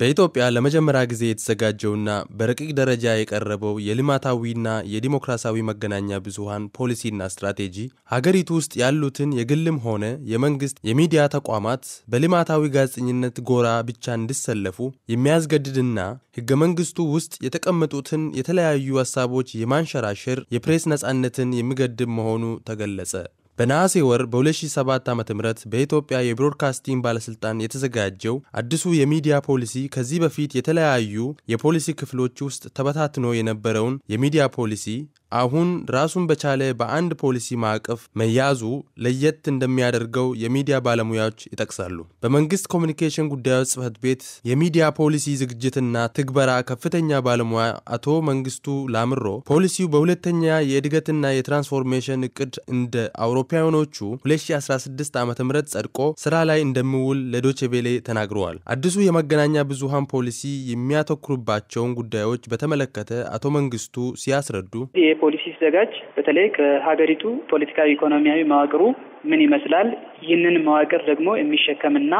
በኢትዮጵያ ለመጀመሪያ ጊዜ የተዘጋጀውና በረቂቅ ደረጃ የቀረበው የልማታዊና የዲሞክራሲያዊ መገናኛ ብዙሃን ፖሊሲና ስትራቴጂ ሀገሪቱ ውስጥ ያሉትን የግልም ሆነ የመንግስት የሚዲያ ተቋማት በልማታዊ ጋዜጠኝነት ጎራ ብቻ እንዲሰለፉ የሚያስገድድና ህገ መንግስቱ ውስጥ የተቀመጡትን የተለያዩ ሀሳቦች የማንሸራሸር የፕሬስ ነጻነትን የሚገድብ መሆኑ ተገለጸ። በነሐሴ ወር በ2007 ዓ ም በኢትዮጵያ የብሮድካስቲንግ ባለስልጣን የተዘጋጀው አዲሱ የሚዲያ ፖሊሲ ከዚህ በፊት የተለያዩ የፖሊሲ ክፍሎች ውስጥ ተበታትኖ የነበረውን የሚዲያ ፖሊሲ አሁን ራሱን በቻለ በአንድ ፖሊሲ ማዕቀፍ መያዙ ለየት እንደሚያደርገው የሚዲያ ባለሙያዎች ይጠቅሳሉ። በመንግስት ኮሚኒኬሽን ጉዳዮች ጽህፈት ቤት የሚዲያ ፖሊሲ ዝግጅትና ትግበራ ከፍተኛ ባለሙያ አቶ መንግስቱ ላምሮ ፖሊሲው በሁለተኛ የእድገትና የትራንስፎርሜሽን እቅድ እንደ አውሮፓውያኖቹ 2016 ዓ ም ጸድቆ ስራ ላይ እንደሚውል ለዶቼቬሌ ተናግረዋል። አዲሱ የመገናኛ ብዙሃን ፖሊሲ የሚያተኩርባቸውን ጉዳዮች በተመለከተ አቶ መንግስቱ ሲያስረዱ ፖሊሲ ሲዘጋጅ በተለይ ከሀገሪቱ ፖለቲካዊ ኢኮኖሚያዊ መዋቅሩ ምን ይመስላል? ይህንን መዋቅር ደግሞ የሚሸከምና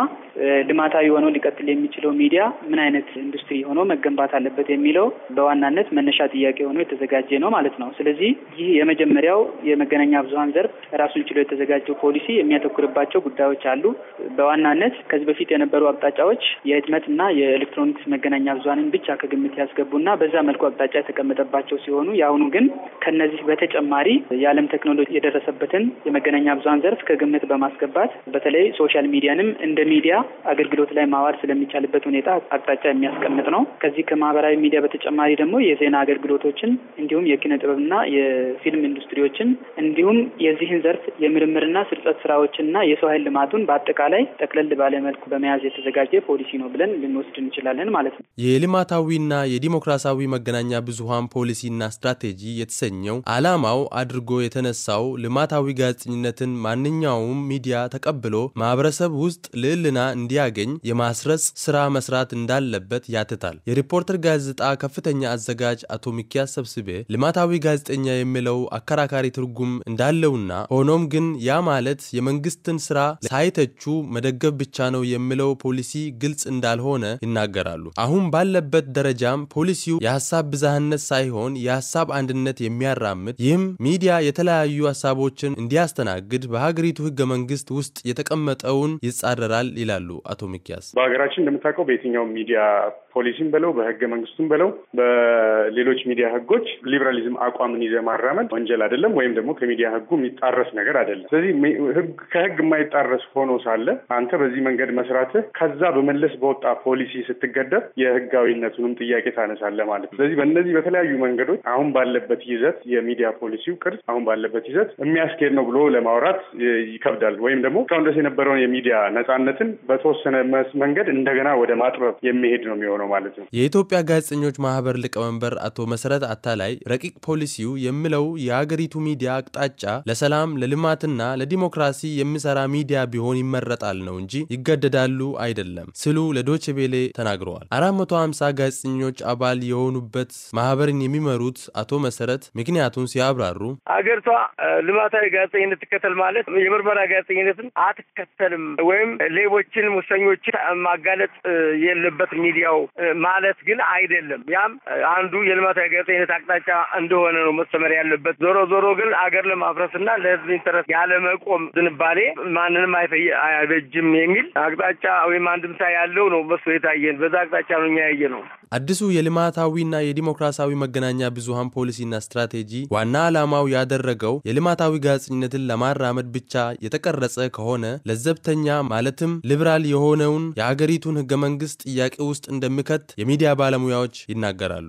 ልማታዊ የሆነው ሊቀጥል የሚችለው ሚዲያ ምን አይነት ኢንዱስትሪ ሆኖ መገንባት አለበት የሚለው በዋናነት መነሻ ጥያቄ ሆኖ የተዘጋጀ ነው ማለት ነው። ስለዚህ ይህ የመጀመሪያው የመገናኛ ብዙኃን ዘርፍ ራሱን ችሎ የተዘጋጀው ፖሊሲ የሚያተኩርባቸው ጉዳዮች አሉ። በዋናነት ከዚህ በፊት የነበሩ አቅጣጫዎች የህትመትና የኤሌክትሮኒክስ መገናኛ ብዙኃንን ብቻ ከግምት ያስገቡና በዛ መልኩ አቅጣጫ የተቀመጠባቸው ሲሆኑ የአሁኑ ግን ከነዚህ በተጨማሪ የዓለም ቴክኖሎጂ የደረሰበትን የመገናኛ ብዙኃን ዘርፍ ከግምት በማስገባት በተለይ ሶሻል ሚዲያንም እንደ ሚዲያ አገልግሎት ላይ ማዋል ስለሚቻልበት ሁኔታ አቅጣጫ የሚያስቀምጥ ነው። ከዚህ ከማህበራዊ ሚዲያ በተጨማሪ ደግሞ የዜና አገልግሎቶችን እንዲሁም የኪነ ጥበብና የፊልም ኢንዱስትሪዎችን እንዲሁም የዚህን ዘርፍ የምርምርና ስርጸት ስራዎችንና የሰው ኃይል ልማቱን በአጠቃላይ ጠቅለል ባለመልኩ በመያዝ የተዘጋጀ ፖሊሲ ነው ብለን ልንወስድ እንችላለን ማለት ነው። የልማታዊና የዲሞክራሲያዊ መገናኛ ብዙሀን ፖሊሲና ስትራቴጂ የተሰኘው አላማው አድርጎ የተነሳው ልማታዊ ጋዜጠኝነትን ማ ማንኛውም ሚዲያ ተቀብሎ ማህበረሰብ ውስጥ ልዕልና እንዲያገኝ የማስረጽ ስራ መስራት እንዳለበት ያትታል። የሪፖርተር ጋዜጣ ከፍተኛ አዘጋጅ አቶ ሚኪያስ ሰብስቤ ልማታዊ ጋዜጠኛ የሚለው አከራካሪ ትርጉም እንዳለውና ሆኖም ግን ያ ማለት የመንግስትን ስራ ሳይተቹ መደገፍ ብቻ ነው የሚለው ፖሊሲ ግልጽ እንዳልሆነ ይናገራሉ። አሁን ባለበት ደረጃም ፖሊሲው የሀሳብ ብዝሃነት ሳይሆን የሀሳብ አንድነት የሚያራምድ ይህም ሚዲያ የተለያዩ ሀሳቦችን እንዲያስተናግድ በሀገሪቱ ህገ መንግስት ውስጥ የተቀመጠውን ይጻረራል ይላሉ አቶ ሚኪያስ። በሀገራችን እንደምታውቀው በየትኛውም ሚዲያ ፖሊሲም በለው በህገ መንግስቱም በለው በሌሎች ሚዲያ ህጎች ሊበራሊዝም አቋምን ይዘ ማራመድ ወንጀል አይደለም፣ ወይም ደግሞ ከሚዲያ ህጉ የሚጣረስ ነገር አይደለም። ስለዚህ ከህግ የማይጣረስ ሆኖ ሳለ አንተ በዚህ መንገድ መስራትህ ከዛ በመለስ በወጣ ፖሊሲ ስትገደብ የህጋዊነቱንም ጥያቄ ታነሳለ ማለት ነው። ስለዚህ በእነዚህ በተለያዩ መንገዶች አሁን ባለበት ይዘት የሚዲያ ፖሊሲው ቅርጽ አሁን ባለበት ይዘት የሚያስኬድ ነው ብሎ ለማውራት ይከብዳል። ወይም ደግሞ እስካሁን ድረስ የነበረውን የሚዲያ ነጻነትን በተወሰነ መንገድ እንደገና ወደ ማጥበብ የሚሄድ ነው የሚሆነው ማለት ነው። የኢትዮጵያ ጋዜጠኞች ማህበር ሊቀመንበር አቶ መሰረት አታላይ ረቂቅ ፖሊሲው የሚለው የሀገሪቱ ሚዲያ አቅጣጫ ለሰላም ለልማትና ለዲሞክራሲ የሚሰራ ሚዲያ ቢሆን ይመረጣል ነው እንጂ ይገደዳሉ አይደለም ሲሉ ለዶቼ ቤሌ ተናግረዋል። አራት መቶ ሀምሳ ጋዜጠኞች አባል የሆኑበት ማህበርን የሚመሩት አቶ መሰረት ምክንያቱን ሲያብራሩ አገሪቷ ልማታዊ ጋዜጠኝነት ትከተል ማለት የምርመራ ጋዜጠኝነትን አትከተልም ወይም ሌቦችን፣ ሙሰኞችን ማጋለጥ የለበት ሚዲያው ማለት ግን አይደለም። ያም አንዱ የልማታዊ ጋዜጠኝነት አቅጣጫ እንደሆነ ነው መሰመር ያለበት። ዞሮ ዞሮ ግን አገር ለማፍረስና ለህዝብ ኢንተረስ ያለመቆም ዝንባሌ ማንንም አይበጅም የሚል አቅጣጫ ወይም አንድምታ ያለው ነው መስሎ የታየን። በዛ አቅጣጫ ነው እኛ ያየ ነው። አዲሱ የልማታዊና የዲሞክራሲያዊ መገናኛ ብዙሀን ፖሊሲና ስትራቴጂ ዋና ዓላማው ያደረገው የልማታዊ ጋዜጠኝነትን ለማራመድ ብቻ የተቀረጸ ከሆነ ለዘብተኛ ማለትም ሊብራል የሆነውን የአገሪቱን ህገ መንግስት ጥያቄ ውስጥ እንደሚከት የሚዲያ ባለሙያዎች ይናገራሉ።